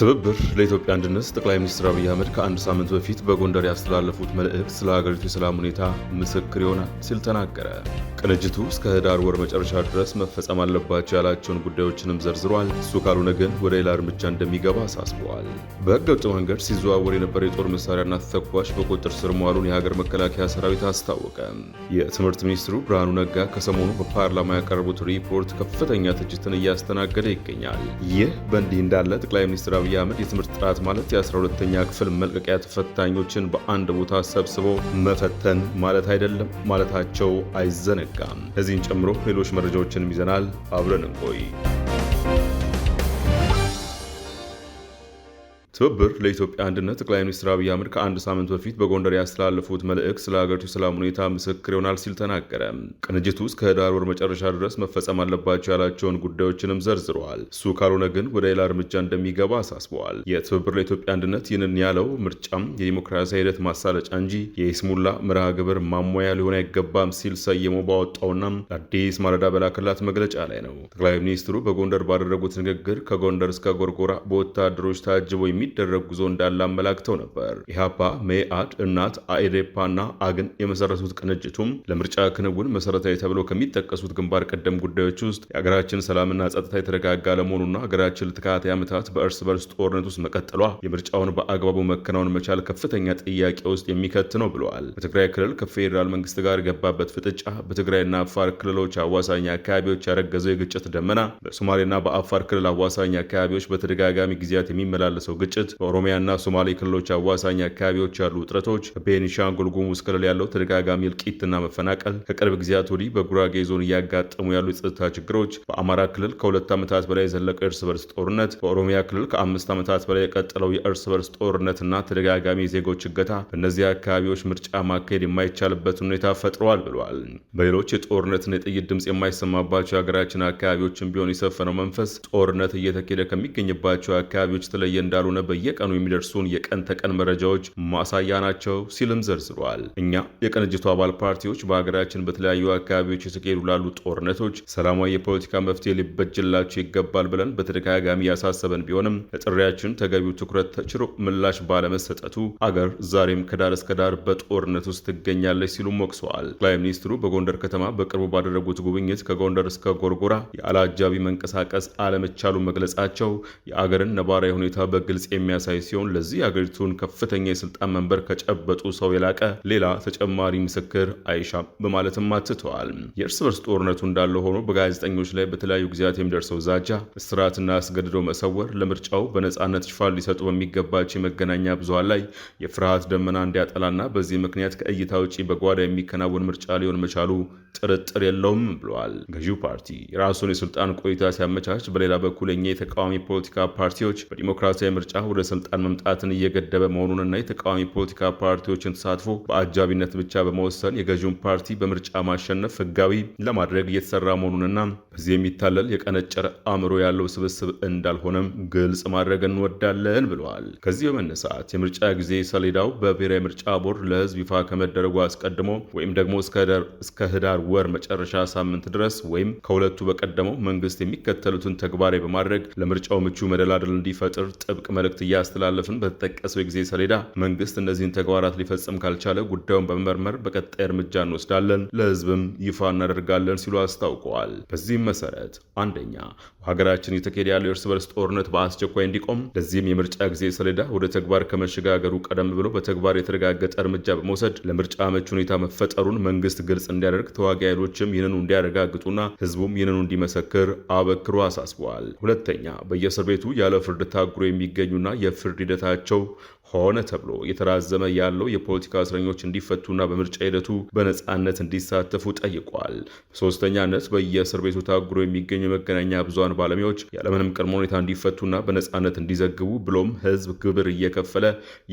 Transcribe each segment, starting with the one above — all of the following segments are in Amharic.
ትብብር ለኢትዮጵያ አንድነት ጠቅላይ ሚኒስትር አብይ አህመድ ከአንድ ሳምንት በፊት በጎንደር ያስተላለፉት መልእክት ስለ ሀገሪቱ የሰላም ሁኔታ ምስክር ይሆናል ሲል ተናገረ። ቅንጅቱ እስከ ህዳር ወር መጨረሻ ድረስ መፈጸም አለባቸው ያላቸውን ጉዳዮችንም ዘርዝሯል። እሱ ካልሆነ ግን ወደ ሌላ እርምጃ እንደሚገባ አሳስበዋል። በህገወጥ መንገድ ሲዘዋወር የነበረ የጦር መሳሪያና ተተኳሽ በቁጥጥር ስር መዋሉን የሀገር መከላከያ ሰራዊት አስታወቀ። የትምህርት ሚኒስትሩ ብርሃኑ ነጋ ከሰሞኑ በፓርላማ ያቀረቡት ሪፖርት ከፍተኛ ትችትን እያስተናገደ ይገኛል። ይህ በእንዲህ እንዳለ ጠቅላይ ሚኒስትር አብይ አህመድ የትምህርት ጥራት ማለት የ12ተኛ ክፍል መልቀቂያ ተፈታኞችን በአንድ ቦታ ሰብስቦ መፈተን ማለት አይደለም ማለታቸው አይዘነጋም። እዚህን ጨምሮ ሌሎች መረጃዎችንም ይዘናል። አብረን እንቆይ። ትብብር ለኢትዮጵያ አንድነት ጠቅላይ ሚኒስትር አብይ አህመድ ከአንድ ሳምንት በፊት በጎንደር ያስተላለፉት መልእክት ስለ ሀገሪቱ የሰላም ሁኔታ ምስክር ይሆናል ሲል ተናገረ። ቅንጅቱ እስከ ህዳር ወር መጨረሻ ድረስ መፈጸም አለባቸው ያላቸውን ጉዳዮችንም ዘርዝረዋል። እሱ ካልሆነ ግን ወደ ሌላ እርምጃ እንደሚገባ አሳስበዋል። የትብብር ለኢትዮጵያ አንድነት ይህንን ያለው ምርጫም የዲሞክራሲያዊ ሂደት ማሳለጫ እንጂ የይስሙላ መርሃ ግብር ማሟያ ሊሆን አይገባም ሲል ሰየመው ባወጣውና አዲስ ማለዳ በላከላት መግለጫ ላይ ነው። ጠቅላይ ሚኒስትሩ በጎንደር ባደረጉት ንግግር ከጎንደር እስከ ጎርጎራ በወታደሮች ታጅቦ የሚ የሚደረግ ጉዞ እንዳለ አመላክተው ነበር። ኢህአፓ፣ መኢአድ፣ እናት፣ አኢዴፓና አግን የመሰረቱት ቅንጅቱም ለምርጫ ክንውን መሰረታዊ ተብሎ ከሚጠቀሱት ግንባር ቀደም ጉዳዮች ውስጥ የሀገራችን ሰላምና ጸጥታ የተረጋጋ ለመሆኑና ሀገራችን ለተከታታይ ዓመታት በእርስ በርስ ጦርነት ውስጥ መቀጠሏ የምርጫውን በአግባቡ መከናወን መቻል ከፍተኛ ጥያቄ ውስጥ የሚከት ነው ብለዋል። በትግራይ ክልል ከፌዴራል መንግስት ጋር የገባበት ፍጥጫ፣ በትግራይና አፋር ክልሎች አዋሳኝ አካባቢዎች ያረገዘው የግጭት ደመና፣ በሶማሌና በአፋር ክልል አዋሳኝ አካባቢዎች በተደጋጋሚ ጊዜያት የሚመላለሰው ግጭት ግጭት፣ በኦሮሚያና ሶማሌ ክልሎች አዋሳኝ አካባቢዎች ያሉ ውጥረቶች፣ በቤኒሻንጉል ጉሙዝ ክልል ያለው ተደጋጋሚ እልቂትና መፈናቀል፣ ከቅርብ ጊዜያት ወዲህ በጉራጌ ዞን እያጋጠሙ ያሉ የጸጥታ ችግሮች፣ በአማራ ክልል ከሁለት ዓመታት በላይ የዘለቀው የእርስ በርስ ጦርነት፣ በኦሮሚያ ክልል ከአምስት ዓመታት በላይ የቀጠለው የእርስ በርስ ጦርነትና ተደጋጋሚ የዜጎች እገታ በእነዚህ አካባቢዎች ምርጫ ማካሄድ የማይቻልበት ሁኔታ ፈጥረዋል ብለዋል። በሌሎች የጦርነትና የጥይት ድምፅ የማይሰማባቸው የሀገራችን አካባቢዎችን ቢሆን የሰፈነው መንፈስ ጦርነት እየተካሄደ ከሚገኝባቸው አካባቢዎች የተለየ እንዳልሆነ በየቀኑ የሚደርሱን የቀን ተቀን መረጃዎች ማሳያ ናቸው ሲልም ዘርዝሯል። እኛ የቅንጅቱ አባል ፓርቲዎች በሀገራችን በተለያዩ አካባቢዎች የተካሄዱ ላሉ ጦርነቶች ሰላማዊ የፖለቲካ መፍትሄ ሊበጅላቸው ይገባል ብለን በተደጋጋሚ ያሳሰበን ቢሆንም ለጥሪያችን ተገቢው ትኩረት ተችሮ ምላሽ ባለመሰጠቱ አገር ዛሬም ከዳር እስከ ዳር በጦርነት ውስጥ ትገኛለች ሲሉም ወቅሰዋል። ጠቅላይ ሚኒስትሩ በጎንደር ከተማ በቅርቡ ባደረጉት ጉብኝት ከጎንደር እስከ ጎርጎራ ያለ አጃቢ መንቀሳቀስ አለመቻሉ መግለጻቸው የአገርን ነባራዊ ሁኔታ በግልጽ የሚያሳይ ሲሆን ለዚህ የአገሪቱን ከፍተኛ የስልጣን መንበር ከጨበጡ ሰው የላቀ ሌላ ተጨማሪ ምስክር አይሻም በማለትም አትተዋል። የእርስ በርስ ጦርነቱ እንዳለ ሆኖ በጋዜጠኞች ላይ በተለያዩ ጊዜያት የሚደርሰው ዛጃ፣ እስራትና አስገድዶ መሰወር ለምርጫው በነጻነት ሽፋን ሊሰጡ በሚገባቸው የመገናኛ ብዙሃን ላይ የፍርሃት ደመና እንዲያጠላና በዚህ ምክንያት ከእይታ ውጪ በጓዳ የሚከናወን ምርጫ ሊሆን መቻሉ ጥርጥር የለውም ብለዋል። ገዢው ፓርቲ የራሱን የስልጣን ቆይታ ሲያመቻች፣ በሌላ በኩል የኛ የተቃዋሚ ፖለቲካ ፓርቲዎች በዲሞክራሲያዊ ምርጫ ወደ ስልጣን መምጣትን እየገደበ መሆኑንና የተቃዋሚ ፖለቲካ ፓርቲዎችን ተሳትፎ በአጃቢነት ብቻ በመወሰን የገዥውን ፓርቲ በምርጫ ማሸነፍ ህጋዊ ለማድረግ እየተሰራ መሆኑንና በዚህ የሚታለል የቀነጨረ አእምሮ ያለው ስብስብ እንዳልሆነም ግልጽ ማድረግ እንወዳለን ብለዋል። ከዚህ በመነሳት የምርጫ ጊዜ ሰሌዳው በብሔራዊ ምርጫ ቦርድ ለህዝብ ይፋ ከመደረጉ አስቀድሞ ወይም ደግሞ እስከ ህዳር ወር መጨረሻ ሳምንት ድረስ ወይም ከሁለቱ በቀደመው መንግስት የሚከተሉትን ተግባራዊ በማድረግ ለምርጫው ምቹ መደላደል እንዲፈጥር ጥብቅ መለ መልእክት እያስተላለፍን በተጠቀሰው የጊዜ ሰሌዳ መንግስት እነዚህን ተግባራት ሊፈጽም ካልቻለ ጉዳዩን በመመርመር በቀጣይ እርምጃ እንወስዳለን፣ ለህዝብም ይፋ እናደርጋለን ሲሉ አስታውቀዋል። በዚህም መሰረት አንደኛ በሀገራችን እየተካሄደ ያለው የእርስ በርስ ጦርነት በአስቸኳይ እንዲቆም፣ ለዚህም የምርጫ ጊዜ ሰሌዳ ወደ ተግባር ከመሸጋገሩ ቀደም ብሎ በተግባር የተረጋገጠ እርምጃ በመውሰድ ለምርጫ አመቺ ሁኔታ መፈጠሩን መንግስት ግልጽ እንዲያደርግ፣ ተዋጊ ኃይሎችም ይህንኑ እንዲያረጋግጡና ህዝቡም ይህንኑ እንዲመሰክር አበክሮ አሳስበዋል። ሁለተኛ በየእስር ቤቱ ያለ ፍርድ ታጉሮ የሚገኙ ልዩና የፍርድ ሂደታቸው ሆነ ተብሎ እየተራዘመ ያለው የፖለቲካ እስረኞች እንዲፈቱና በምርጫ ሂደቱ በነፃነት እንዲሳተፉ ጠይቋል። በሶስተኛነት በየእስር ቤቱ ታጉሮ የሚገኙ የመገናኛ ብዙሃን ባለሙያዎች ያለምንም ቅድመ ሁኔታ እንዲፈቱና በነፃነት እንዲዘግቡ ብሎም ህዝብ ግብር እየከፈለ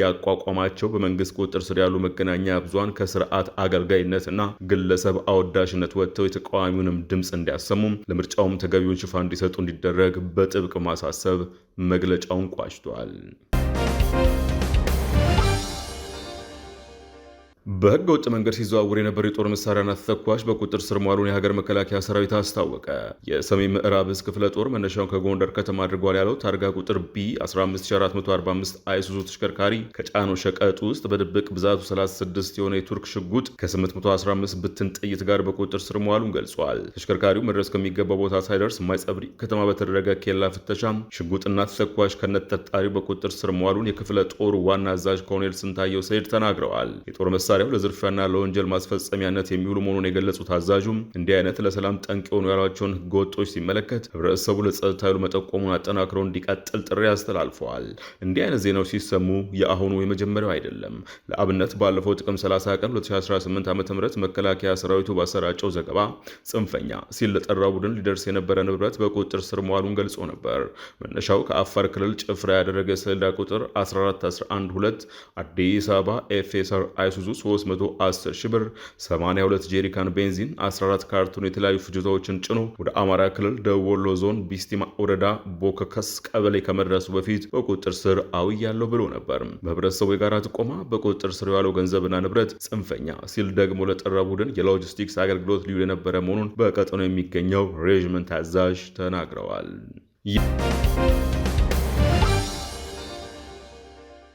ያቋቋማቸው በመንግስት ቁጥጥር ስር ያሉ መገናኛ ብዙሃን ከስርዓት አገልጋይነት እና ግለሰብ አወዳሽነት ወጥተው የተቃዋሚውንም ድምፅ እንዲያሰሙም ለምርጫውም ተገቢውን ሽፋን እንዲሰጡ እንዲደረግ በጥብቅ ማሳሰብ መግለጫውን ቋጭቷል። በህገ ወጥ መንገድ ሲዘዋወር የነበሩ የጦር መሳሪያና ተተኳሽ በቁጥር ስር መዋሉን የሀገር መከላከያ ሰራዊት አስታወቀ። የሰሜን ምዕራብ እዝ ክፍለ ጦር መነሻውን ከጎንደር ከተማ አድርጓል ያለው ታርጋ ቁጥር ቢ 15445 አይሱዙ ተሽከርካሪ ከጫኖ ሸቀጥ ውስጥ በድብቅ ብዛቱ 36 የሆነ የቱርክ ሽጉጥ ከ815 ብትን ጥይት ጋር በቁጥር ስር መዋሉን ገልጿል። ተሽከርካሪው መድረስ ከሚገባው ቦታ ሳይደርስ ማይጸብሪ ከተማ በተደረገ ኬላ ፍተሻ ሽጉጥና ተተኳሽ ከነተጣሪው በቁጥር ስር መዋሉን የክፍለ ጦሩ ዋና አዛዥ ኮሎኔል ስንታየው ሰይድ ተናግረዋል። የጦር መሳ መሳሪያው ለዝርፊያና ለወንጀል ማስፈጸሚያነት የሚውሉ መሆኑን የገለጹት አዛዡም እንዲህ አይነት ለሰላም ጠንቅ የሆኑ ያሏቸውን ህገወጦች ሲመለከት ህብረተሰቡ ለጸጥታ ኃይሉ መጠቆሙን አጠናክረው እንዲቀጥል ጥሪ አስተላልፈዋል። እንዲህ አይነት ዜናዎች ሲሰሙ የአሁኑ የመጀመሪያው አይደለም። ለአብነት ባለፈው ጥቅም 30 ቀን 2018 ዓ ም መከላከያ ሰራዊቱ ባሰራጨው ዘገባ ጽንፈኛ ሲል ለጠራው ቡድን ሊደርስ የነበረ ንብረት በቁጥጥር ስር መዋሉን ገልጾ ነበር። መነሻው ከአፋር ክልል ጭፍራ ያደረገ ሰሌዳ ቁጥር 14112 አዲስ አበባ ኤፌሰር አይሱዙ 310 ሺህ ብር፣ 82 ጄሪካን ቤንዚን፣ 14 ካርቶን የተለያዩ ፍጆታዎችን ጭኖ ወደ አማራ ክልል ደቡብ ወሎ ዞን ቢስቲማ ወረዳ ቦከከስ ቀበሌ ከመድረሱ በፊት በቁጥጥር ስር አውያለሁ ብሎ ነበር። በህብረተሰቡ የጋራ ጥቆማ በቁጥጥር ስር የዋለው ገንዘብና ንብረት ጽንፈኛ ሲል ደግሞ ለጠራ ቡድን የሎጂስቲክስ አገልግሎት ልዩ የነበረ መሆኑን በቀጠናው የሚገኘው ሬዥመንት አዛዥ ተናግረዋል።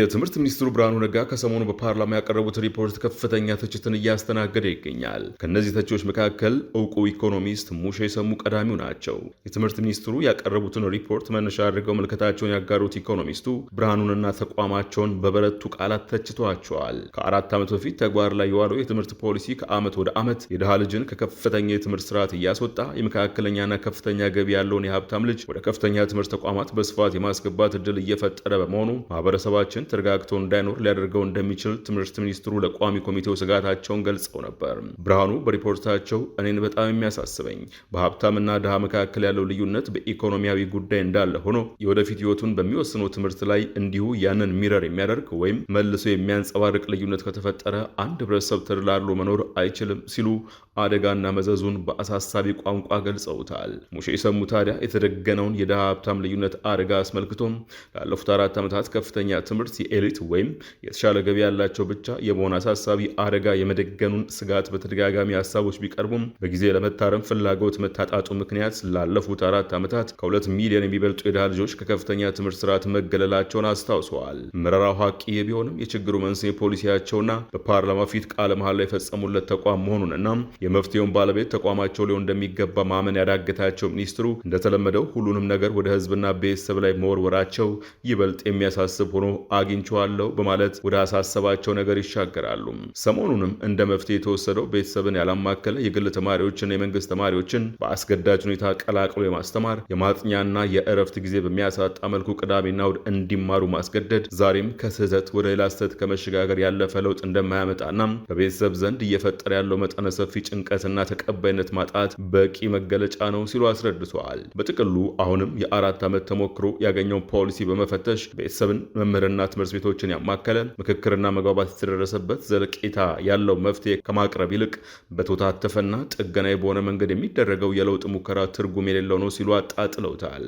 የትምህርት ሚኒስትሩ ብርሃኑ ነጋ ከሰሞኑ በፓርላማ ያቀረቡት ሪፖርት ከፍተኛ ትችትን እያስተናገደ ይገኛል። ከእነዚህ ተቺዎች መካከል እውቁ ኢኮኖሚስት ሙሼ የሰሙ ቀዳሚው ናቸው። የትምህርት ሚኒስትሩ ያቀረቡትን ሪፖርት መነሻ አድርገው መልከታቸውን ያጋሩት ኢኮኖሚስቱ ብርሃኑንና ተቋማቸውን በበረቱ ቃላት ተችቷቸዋል። ከአራት ዓመት በፊት ተግባር ላይ የዋለው የትምህርት ፖሊሲ ከዓመት ወደ ዓመት የድሃ ልጅን ከከፍተኛ የትምህርት ስርዓት እያስወጣ የመካከለኛና ከፍተኛ ገቢ ያለውን የሀብታም ልጅ ወደ ከፍተኛ ትምህርት ተቋማት በስፋት የማስገባት እድል እየፈጠረ በመሆኑ ማህበረሰባችን ሀገራችን ተረጋግቶ እንዳይኖር ሊያደርገው እንደሚችል ትምህርት ሚኒስትሩ ለቋሚ ኮሚቴው ስጋታቸውን ገልጸው ነበር። ብርሃኑ በሪፖርታቸው እኔን በጣም የሚያሳስበኝ በሀብታምና ድሃ መካከል ያለው ልዩነት በኢኮኖሚያዊ ጉዳይ እንዳለ ሆኖ የወደፊት ህይወቱን በሚወስነው ትምህርት ላይ እንዲሁ ያንን ሚረር የሚያደርግ ወይም መልሶ የሚያንጸባርቅ ልዩነት ከተፈጠረ አንድ ህብረተሰብ ተደላሎ መኖር አይችልም ሲሉ አደጋና መዘዙን በአሳሳቢ ቋንቋ ገልጸውታል። ሙሼ ሰሙ ታዲያ የተደገነውን የድሃ ሀብታም ልዩነት አደጋ አስመልክቶም ላለፉት አራት ዓመታት ከፍተኛ ትምህርት ዩኒቨርሲቲ ኤሊት ወይም የተሻለ ገቢ ያላቸው ብቻ የመሆን አሳሳቢ አደጋ የመደገኑን ስጋት በተደጋጋሚ ሀሳቦች ቢቀርቡም በጊዜ ለመታረም ፍላጎት መታጣጡ ምክንያት ላለፉት አራት ዓመታት ከሁለት ሚሊዮን የሚበልጡ የድሃ ልጆች ከከፍተኛ ትምህርት ስርዓት መገለላቸውን አስታውሰዋል። መረራው ሀቂ ቢሆንም የችግሩ መንስኤ ፖሊሲያቸውና በፓርላማ ፊት ቃለ መሃላ ላይ የፈጸሙለት ተቋም መሆኑን እና የመፍትሄውን ባለቤት ተቋማቸው ሊሆን እንደሚገባ ማመን ያዳገታቸው ሚኒስትሩ እንደተለመደው ሁሉንም ነገር ወደ ህዝብና ቤተሰብ ላይ መወርወራቸው ይበልጥ የሚያሳስብ ሆኖ አግኝቼዋለሁ በማለት ወደ አሳሰባቸው ነገር ይሻገራሉ። ሰሞኑንም እንደ መፍትሄ የተወሰደው ቤተሰብን ያላማከለ የግል ተማሪዎችና የመንግስት ተማሪዎችን በአስገዳጅ ሁኔታ ቀላቅሎ የማስተማር የማጥኛና የእረፍት ጊዜ በሚያሳጣ መልኩ ቅዳሜና እሁድ እንዲማሩ ማስገደድ ዛሬም ከስህተት ወደ ሌላ ስህተት ከመሸጋገር ያለፈ ለውጥ እንደማያመጣና በቤተሰብ ዘንድ እየፈጠረ ያለው መጠነ ሰፊ ጭንቀትና ተቀባይነት ማጣት በቂ መገለጫ ነው ሲሉ አስረድተዋል። በጥቅሉ አሁንም የአራት ዓመት ተሞክሮ ያገኘውን ፖሊሲ በመፈተሽ ቤተሰብን መምህርና ትምህርት ቤቶችን ያማከለ ምክክርና መግባባት የተደረሰበት ዘለቄታ ያለው መፍትሄ ከማቅረብ ይልቅ በተወታተፈና ጥገናዊ በሆነ መንገድ የሚደረገው የለውጥ ሙከራ ትርጉም የሌለው ነው ሲሉ አጣጥለውታል።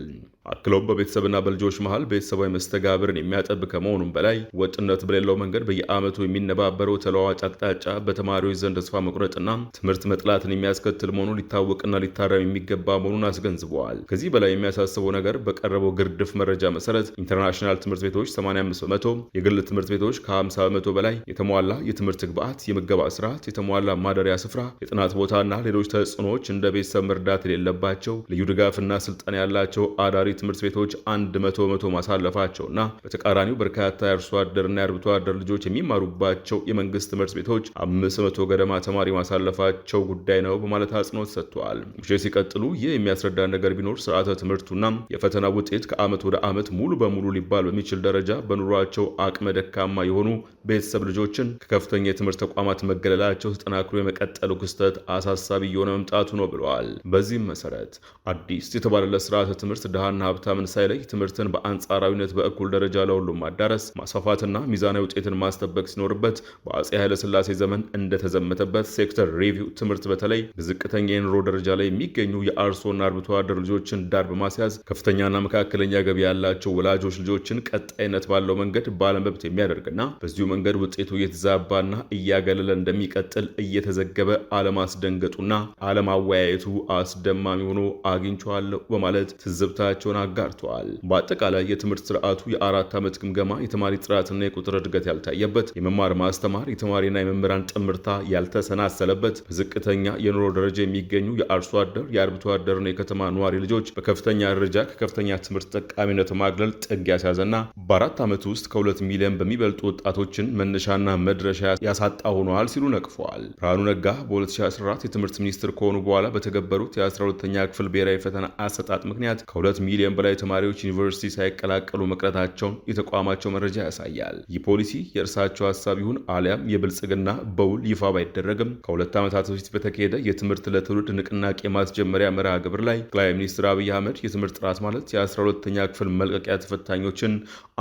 አክለውም በቤተሰብና በልጆች መሀል ቤተሰባዊ መስተጋብርን የሚያጠብ ከመሆኑም በላይ ወጥነት በሌለው መንገድ በየዓመቱ የሚነባበረው ተለዋዋጭ አቅጣጫ በተማሪዎች ዘንድ ተስፋ መቁረጥና ትምህርት መጥላትን የሚያስከትል መሆኑ ሊታወቅና ሊታረም የሚገባ መሆኑን አስገንዝበዋል። ከዚህ በላይ የሚያሳስበው ነገር በቀረበው ግርድፍ መረጃ መሰረት ኢንተርናሽናል ትምህርት ቤቶች 85 በመቶ፣ የግል ትምህርት ቤቶች ከ50 በመቶ በላይ የተሟላ የትምህርት ግብዓት፣ የምገባ ስርዓት፣ የተሟላ ማደሪያ ስፍራ፣ የጥናት ቦታና ሌሎች ተጽዕኖዎች እንደ ቤተሰብ መርዳት የሌለባቸው ልዩ ድጋፍና ስልጠና ያላቸው አዳሪ ትምህርት ቤቶች አንድ መቶ በመቶ ማሳለፋቸውና በተቃራኒው በርካታ የአርሶ አደርና የአርብቶ አደር ልጆች የሚማሩባቸው የመንግስት ትምህርት ቤቶች አምስት መቶ ገደማ ተማሪ ማሳለፋቸው ጉዳይ ነው በማለት አጽንኦት ሰጥተዋል። ሙሼ ሲቀጥሉ ይህ የሚያስረዳ ነገር ቢኖር ስርዓተ ትምህርቱና የፈተና ውጤት ከዓመት ወደ ዓመት ሙሉ በሙሉ ሊባል በሚችል ደረጃ በኑሯቸው አቅመ ደካማ የሆኑ ቤተሰብ ልጆችን ከከፍተኛ የትምህርት ተቋማት መገለላቸው ተጠናክሮ የመቀጠሉ ክስተት አሳሳቢ እየሆነ መምጣቱ ነው ብለዋል። በዚህም መሰረት አዲስ የተባለለት ስርዓተ ትምህርት ድሃና ድሆችንና ሀብታምን ሳይለይ ትምህርትን በአንጻራዊነት በእኩል ደረጃ ለሁሉም ማዳረስ ማስፋፋትና ሚዛናዊ ውጤትን ማስጠበቅ ሲኖርበት በአጼ ኃይለስላሴ ዘመን እንደተዘመተበት ሴክተር ሪቪው ትምህርት በተለይ በዝቅተኛ የኑሮ ደረጃ ላይ የሚገኙ የአርሶና አርብቶ አደር ልጆችን ዳር በማስያዝ ከፍተኛና መካከለኛ ገቢ ያላቸው ወላጆች ልጆችን ቀጣይነት ባለው መንገድ ባለመብት የሚያደርግና በዚሁ መንገድ ውጤቱ እየተዛባና እያገለለ እንደሚቀጥል እየተዘገበ አለማስደንገጡና አለማወያየቱ አስደማሚ ሆኖ አግኝቸዋለሁ በማለት ትዝብታቸውን ልምዳቸውን አጋርተዋል። በአጠቃላይ የትምህርት ስርዓቱ የአራት ዓመት ግምገማ የተማሪ ጥራትና የቁጥር እድገት ያልታየበት፣ የመማር ማስተማር የተማሪና የመምህራን ጥምርታ ያልተሰናሰለበት፣ በዝቅተኛ የኑሮ ደረጃ የሚገኙ የአርሶ አደር የአርብቶ አደርና የከተማ ነዋሪ ልጆች በከፍተኛ ደረጃ ከከፍተኛ ትምህርት ጠቃሚነት ማግለል ጥግ ያስያዘና በአራት ዓመት ውስጥ ከሁለት ሚሊዮን በሚበልጡ ወጣቶችን መነሻና መድረሻ ያሳጣ ሆነዋል ሲሉ ነቅፈዋል። ብርሃኑ ነጋ በ2014 የትምህርት ሚኒስትር ከሆኑ በኋላ በተገበሩት የ12ኛ ክፍል ብሔራዊ ፈተና አሰጣጥ ምክንያት ከሁለት ሚሊዮን ከሚሊዮን በላይ ተማሪዎች ዩኒቨርሲቲ ሳይቀላቀሉ መቅረታቸውን የተቋማቸው መረጃ ያሳያል። ይህ ፖሊሲ የእርሳቸው ሀሳብ ይሁን አሊያም የብልጽግና በውል ይፋ ባይደረግም ከሁለት ዓመታት በፊት በተካሄደ የትምህርት ለትውልድ ንቅናቄ ማስጀመሪያ መርሃ ግብር ላይ ጠቅላይ ሚኒስትር አብይ አህመድ የትምህርት ጥራት ማለት የ12ተኛ ክፍል መልቀቂያ ተፈታኞችን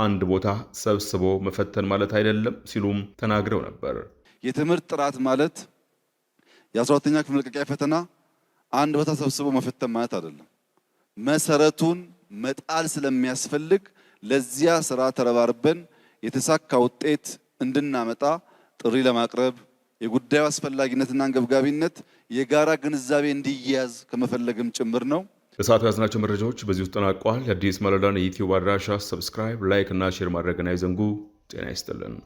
አንድ ቦታ ሰብስቦ መፈተን ማለት አይደለም ሲሉም ተናግረው ነበር። የትምህርት ጥራት ማለት የ12ተኛ ክፍል መልቀቂያ ፈተና አንድ ቦታ ሰብስቦ መፈተን ማለት አይደለም መሰረቱን መጣል ስለሚያስፈልግ ለዚያ ስራ ተረባርበን የተሳካ ውጤት እንድናመጣ ጥሪ ለማቅረብ የጉዳዩ አስፈላጊነትና አንገብጋቢነት የጋራ ግንዛቤ እንዲያያዝ ከመፈለግም ጭምር ነው። ለሰዓቱ ያዝናቸው መረጃዎች ውስጥ ጠናቀዋል። የአዲስ ማለዳን የዩትዩብ አድራሻ ሰብስክራይብ፣ ላይክ እና ሼር ማድረግን አይዘንጉ። ጤና ይስጥልን።